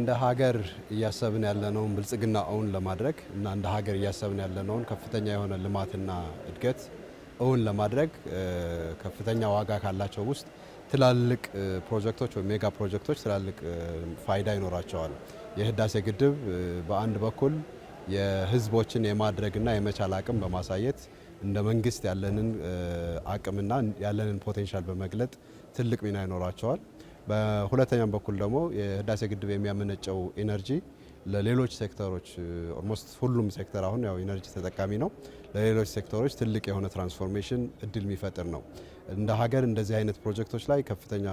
እንደ ሀገር እያሰብን ያለነውን እውን ለማድረግ እና እንደ ሀገር እያሰብን ያለነውን ከፍተኛ የሆነ ልማትና እድገት እውን ለማድረግ ከፍተኛ ዋጋ ካላቸው ውስጥ ትላልቅ ፕሮጀክቶች ወይም ሜጋ ፕሮጀክቶች ትላልቅ ፋይዳ ይኖራቸዋል። የህዳሴ ግድብ በአንድ በኩል የህዝቦችን የማድረግና የመቻል አቅም በማሳየት እንደ መንግስት ያለንን አቅምና ያለንን ፖቴንሻል በመግለጥ ትልቅ ሚና ይኖራቸዋል። በሁለተኛም በኩል ደግሞ የህዳሴ ግድብ የሚያመነጨው ኢነርጂ ለሌሎች ሴክተሮች ኦልሞስት ሁሉም ሴክተር አሁን ያው ኢነርጂ ተጠቃሚ ነው። ለሌሎች ሴክተሮች ትልቅ የሆነ ትራንስፎርሜሽን እድል የሚፈጥር ነው። እንደ ሀገር እንደዚህ አይነት ፕሮጀክቶች ላይ ከፍተኛ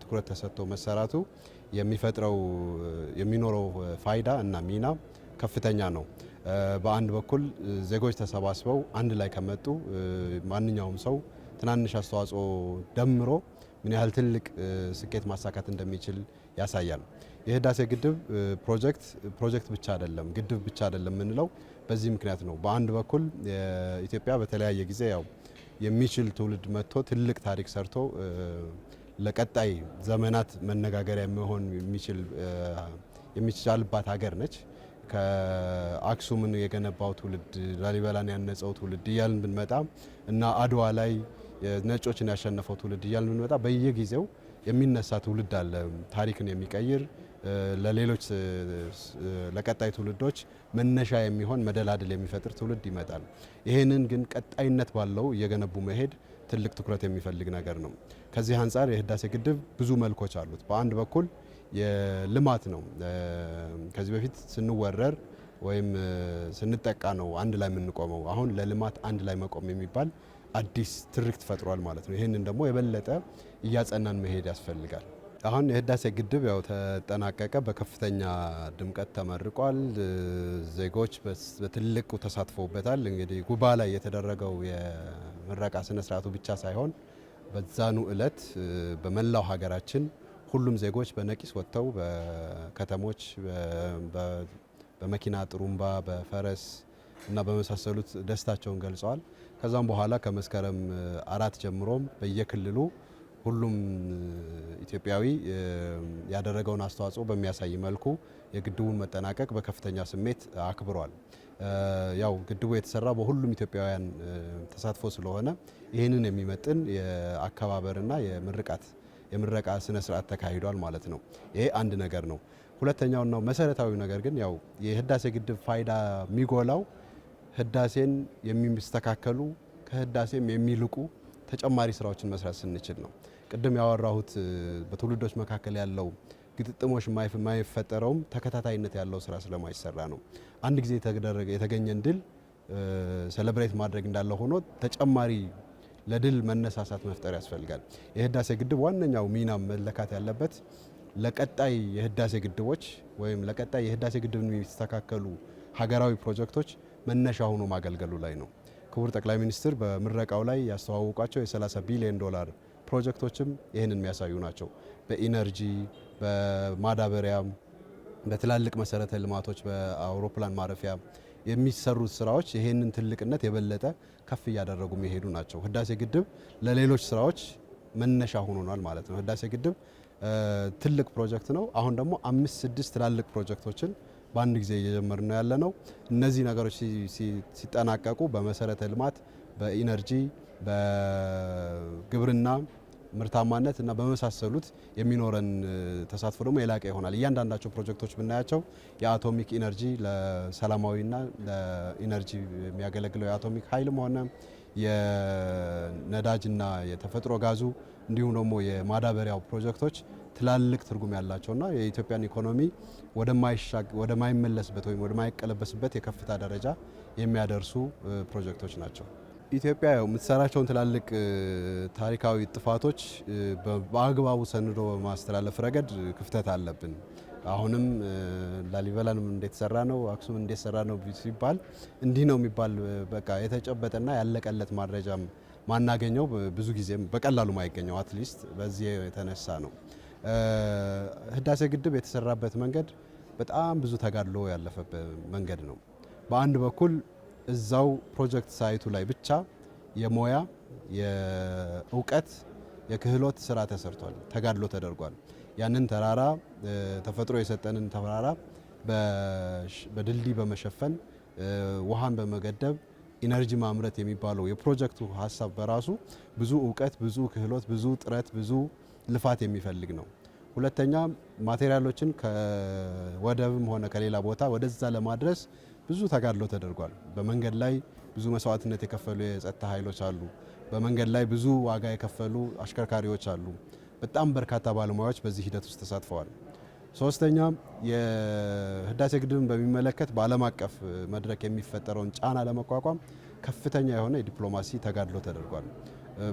ትኩረት ተሰጥቶ መሰራቱ የሚፈጥረው የሚኖረው ፋይዳ እና ሚና ከፍተኛ ነው። በአንድ በኩል ዜጎች ተሰባስበው አንድ ላይ ከመጡ ማንኛውም ሰው ትናንሽ አስተዋጽኦ ደምሮ ምን ያህል ትልቅ ስኬት ማሳካት እንደሚችል ያሳያል። የህዳሴ ግድብ ፕሮጀክት ፕሮጀክት ብቻ አይደለም፣ ግድብ ብቻ አይደለም የምንለው በዚህ ምክንያት ነው። በአንድ በኩል ኢትዮጵያ በተለያየ ጊዜ ያው የሚችል ትውልድ መጥቶ ትልቅ ታሪክ ሰርቶ ለቀጣይ ዘመናት መነጋገሪያ መሆን የሚቻልባት ሀገር ነች። ከአክሱምን የገነባው ትውልድ ላሊበላን ያነጸው ትውልድ እያልን ብንመጣ እና አድዋ ላይ ነጮችን ያሸነፈው ትውልድ እያልን ብንመጣ በየጊዜው የሚነሳ ትውልድ አለ። ታሪክን የሚቀይር ለሌሎች ለቀጣይ ትውልዶች መነሻ የሚሆን መደላድል የሚፈጥር ትውልድ ይመጣል። ይህንን ግን ቀጣይነት ባለው እየገነቡ መሄድ ትልቅ ትኩረት የሚፈልግ ነገር ነው። ከዚህ አንጻር የህዳሴ ግድብ ብዙ መልኮች አሉት። በአንድ በኩል የልማት ነው። ከዚህ በፊት ስንወረር ወይም ስንጠቃ ነው አንድ ላይ የምንቆመው። አሁን ለልማት አንድ ላይ መቆም የሚባል አዲስ ትርክት ፈጥሯል ማለት ነው። ይህንን ደግሞ የበለጠ እያጸናን መሄድ ያስፈልጋል። አሁን የህዳሴ ግድብ ያው ተጠናቀቀ፣ በከፍተኛ ድምቀት ተመርቋል። ዜጎች በትልቁ ተሳትፎበታል። እንግዲህ ጉባ ላይ የተደረገው የምረቃ ስነስርዓቱ ብቻ ሳይሆን በዛኑ እለት በመላው ሀገራችን ሁሉም ዜጎች በነቂስ ወጥተው በከተሞች በመኪና ጥሩምባ፣ በፈረስ እና በመሳሰሉት ደስታቸውን ገልጸዋል። ከዛም በኋላ ከመስከረም አራት ጀምሮም በየክልሉ ሁሉም ኢትዮጵያዊ ያደረገውን አስተዋጽኦ በሚያሳይ መልኩ የግድቡን መጠናቀቅ በከፍተኛ ስሜት አክብሯል። ያው ግድቡ የተሰራ በሁሉም ኢትዮጵያውያን ተሳትፎ ስለሆነ ይህንን የሚመጥን የአከባበርና የምርቃት የምረቃ ስነ ስርዓት ተካሂዷል ማለት ነው። ይሄ አንድ ነገር ነው። ሁለተኛውና መሰረታዊ ነገር ግን ያው የህዳሴ ግድብ ፋይዳ የሚጎላው ህዳሴን የሚስተካከሉ ከህዳሴም የሚልቁ ተጨማሪ ስራዎችን መስራት ስንችል ነው። ቅድም ያወራሁት በትውልዶች መካከል ያለው ግጥጥሞች የማይፈጠረውም ተከታታይነት ያለው ስራ ስለማይሰራ ነው። አንድ ጊዜ የተገኘን ድል ሴሌብሬት ማድረግ እንዳለ ሆኖ ተጨማሪ ለድል መነሳሳት መፍጠር ያስፈልጋል። የህዳሴ ግድብ ዋነኛው ሚና መለካት ያለበት ለቀጣይ የህዳሴ ግድቦች ወይም ለቀጣይ የህዳሴ ግድብ የሚስተካከሉ ሀገራዊ ፕሮጀክቶች መነሻ ሆኖ ማገልገሉ ላይ ነው። ክቡር ጠቅላይ ሚኒስትር በምረቃው ላይ ያስተዋወቋቸው የ30 ቢሊዮን ዶላር ፕሮጀክቶችም ይህንን የሚያሳዩ ናቸው። በኢነርጂ በማዳበሪያም፣ በትላልቅ መሰረተ ልማቶች፣ በአውሮፕላን ማረፊያ የሚሰሩት ስራዎች ይህንን ትልቅነት የበለጠ ከፍ እያደረጉ የሄዱ ናቸው። ህዳሴ ግድብ ለሌሎች ስራዎች መነሻ ሆኖናል ማለት ነው። ህዳሴ ግድብ ትልቅ ፕሮጀክት ነው። አሁን ደግሞ አምስት ስድስት ትላልቅ ፕሮጀክቶችን በአንድ ጊዜ እየጀመር ነው ያለ ነው። እነዚህ ነገሮች ሲጠናቀቁ በመሰረተ ልማት፣ በኢነርጂ፣ በግብርና ምርታማነት እና በመሳሰሉት የሚኖረን ተሳትፎ ደግሞ የላቀ ይሆናል። እያንዳንዳቸው ፕሮጀክቶች ብናያቸው የአቶሚክ ኢነርጂ ለሰላማዊና ለኢነርጂ የሚያገለግለው የአቶሚክ ኃይልም ሆነ የነዳጅና የተፈጥሮ ጋዙ እንዲሁም ደግሞ የማዳበሪያው ፕሮጀክቶች ትላልቅ ትርጉም ያላቸውና የኢትዮጵያን ኢኮኖሚ ወደማይመለስበት ወይም ወደማይቀለበስበት የከፍታ ደረጃ የሚያደርሱ ፕሮጀክቶች ናቸው። ኢትዮጵያ የምትሰራቸውን ትላልቅ ታሪካዊ ጥፋቶች በአግባቡ ሰንዶ በማስተላለፍ ረገድ ክፍተት አለብን። አሁንም ላሊበላን እንደተሰራ ነው፣ አክሱም እንደተሰራ ነው ሲባል እንዲህ ነው የሚባል በቃ የተጨበጠና ያለቀለት ማድረጃም ማናገኘው ብዙ ጊዜ በቀላሉ ማይገኘው አትሊስት በዚህ የተነሳ ነው። ህዳሴ ግድብ የተሰራበት መንገድ በጣም ብዙ ተጋድሎ ያለፈበት መንገድ ነው። በአንድ በኩል እዛው ፕሮጀክት ሳይቱ ላይ ብቻ የሞያ የእውቀት የክህሎት ስራ ተሰርቷል፣ ተጋድሎ ተደርጓል። ያንን ተራራ ተፈጥሮ የሰጠንን ተራራ በድልድይ በመሸፈን ውሃን በመገደብ ኢነርጂ ማምረት የሚባለው የፕሮጀክቱ ሀሳብ በራሱ ብዙ እውቀት፣ ብዙ ክህሎት፣ ብዙ ጥረት፣ ብዙ ልፋት የሚፈልግ ነው። ሁለተኛ ማቴሪያሎችን ከወደብም ሆነ ከሌላ ቦታ ወደዛ ለማድረስ ብዙ ተጋድሎ ተደርጓል። በመንገድ ላይ ብዙ መስዋዕትነት የከፈሉ የጸጥታ ኃይሎች አሉ። በመንገድ ላይ ብዙ ዋጋ የከፈሉ አሽከርካሪዎች አሉ። በጣም በርካታ ባለሙያዎች በዚህ ሂደት ውስጥ ተሳትፈዋል። ሶስተኛም የህዳሴ ግድብን በሚመለከት በዓለም አቀፍ መድረክ የሚፈጠረውን ጫና ለመቋቋም ከፍተኛ የሆነ የዲፕሎማሲ ተጋድሎ ተደርጓል።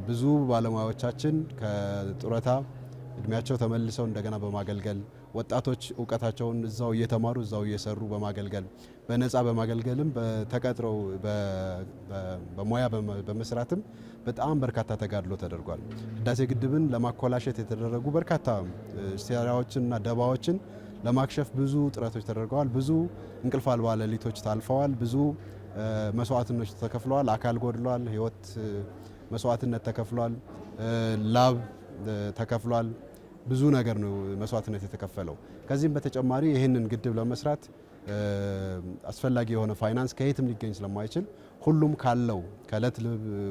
ብዙ ባለሙያዎቻችን ከጡረታ እድሜያቸው ተመልሰው እንደገና በማገልገል ወጣቶች እውቀታቸውን እዛው እየተማሩ እዛው እየሰሩ በማገልገል በነፃ በማገልገልም ተቀጥረው በሙያ በመስራትም በጣም በርካታ ተጋድሎ ተደርጓል። ህዳሴ ግድብን ለማኮላሸት የተደረጉ በርካታ ሴራዎችንና ደባዎችን ለማክሸፍ ብዙ ጥረቶች ተደርገዋል። ብዙ እንቅልፍ አልባ ሌሊቶች ታልፈዋል። ብዙ መስዋዕትነቶች ተከፍለዋል። አካል ጎድሏል። ህይወት መስዋዕትነት ተከፍሏል። ላብ ተከፍሏል። ብዙ ነገር ነው መስዋዕትነት የተከፈለው። ከዚህም በተጨማሪ ይህንን ግድብ ለመስራት አስፈላጊ የሆነ ፋይናንስ ከየትም ሊገኝ ስለማይችል ሁሉም ካለው ከእለት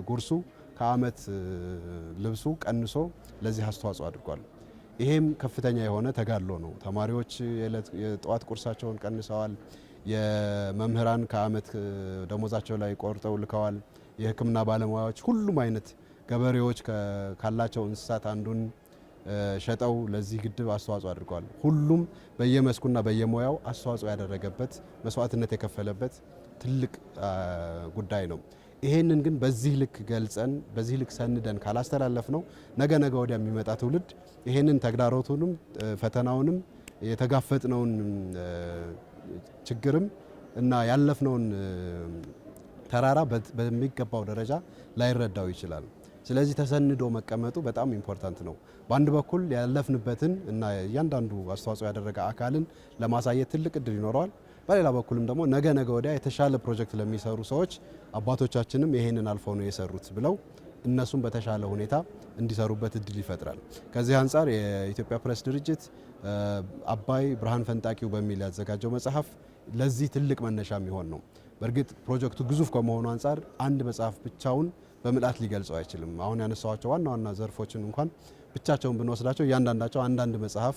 ጉርሱ ከአመት ልብሱ ቀንሶ ለዚህ አስተዋጽኦ አድርጓል። ይሄም ከፍተኛ የሆነ ተጋድሎ ነው። ተማሪዎች የጠዋት ቁርሳቸውን ቀንሰዋል። የመምህራን ከአመት ደሞዛቸው ላይ ቆርጠው ልከዋል። የሕክምና ባለሙያዎች፣ ሁሉም አይነት ገበሬዎች ካላቸው እንስሳት አንዱን ሸጠው ለዚህ ግድብ አስተዋጽኦ አድርገዋል። ሁሉም በየመስኩና በየሙያው አስተዋጽኦ ያደረገበት መስዋዕትነት የከፈለበት ትልቅ ጉዳይ ነው። ይሄንን ግን በዚህ ልክ ገልጸን በዚህ ልክ ሰንደን ካላስተላለፍ ነው ነገ ነገ ወዲያ የሚመጣ ትውልድ ይሄንን ተግዳሮቱንም ፈተናውንም የተጋፈጥነውን ችግርም እና ያለፍነውን ተራራ በሚገባው ደረጃ ላይረዳው ይችላል። ስለዚህ ተሰንዶ መቀመጡ በጣም ኢምፖርታንት ነው። በአንድ በኩል ያለፍንበትን እና እያንዳንዱ አስተዋጽኦ ያደረገ አካልን ለማሳየት ትልቅ እድል ይኖረዋል። በሌላ በኩልም ደግሞ ነገ ነገ ወዲያ የተሻለ ፕሮጀክት ለሚሰሩ ሰዎች አባቶቻችንም ይሄንን አልፈው ነው የሰሩት ብለው እነሱም በተሻለ ሁኔታ እንዲሰሩበት እድል ይፈጥራል። ከዚህ አንጻር የኢትዮጵያ ፕሬስ ድርጅት አባይ ብርሃን ፈንጣቂው በሚል ያዘጋጀው መጽሐፍ ለዚህ ትልቅ መነሻ የሚሆን ነው። በእርግጥ ፕሮጀክቱ ግዙፍ ከመሆኑ አንጻር አንድ መጽሐፍ ብቻውን በምልአት ሊገልጸው አይችልም። አሁን ያነሳዋቸው ዋና ዋና ዘርፎችን እንኳን ብቻቸውን ብንወስዳቸው እያንዳንዳቸው አንዳንድ መጽሐፍ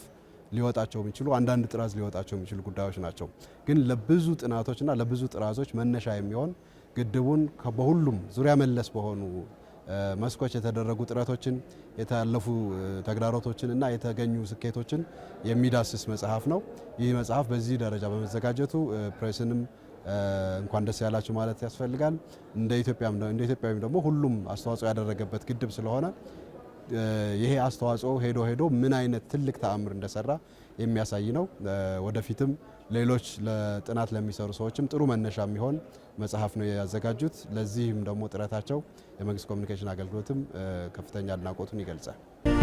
ሊወጣቸው የሚችሉ አንዳንድ ጥራዝ ሊወጣቸው የሚችሉ ጉዳዮች ናቸው። ግን ለብዙ ጥናቶችና ለብዙ ጥራዞች መነሻ የሚሆን ግድቡን በሁሉም ዙሪያ መለስ በሆኑ መስኮች የተደረጉ ጥረቶችን የታለፉ ተግዳሮቶችን እና የተገኙ ስኬቶችን የሚዳስስ መጽሐፍ ነው። ይህ መጽሐፍ በዚህ ደረጃ በመዘጋጀቱ ፕሬስንም እንኳን ደስ ያላችሁ ማለት ያስፈልጋል። እንደ ኢትዮጵያም እንደ ኢትዮጵያዊም ደግሞ ሁሉም አስተዋጽኦ ያደረገበት ግድብ ስለሆነ ይሄ አስተዋጽኦ ሄዶ ሄዶ ምን አይነት ትልቅ ተአምር እንደሰራ የሚያሳይ ነው። ወደፊትም ሌሎች ለጥናት ለሚሰሩ ሰዎችም ጥሩ መነሻ የሚሆን መጽሐፍ ነው ያዘጋጁት። ለዚህም ደግሞ ጥረታቸው የመንግስት ኮሚኒኬሽን አገልግሎትም ከፍተኛ አድናቆቱን ይገልጻል።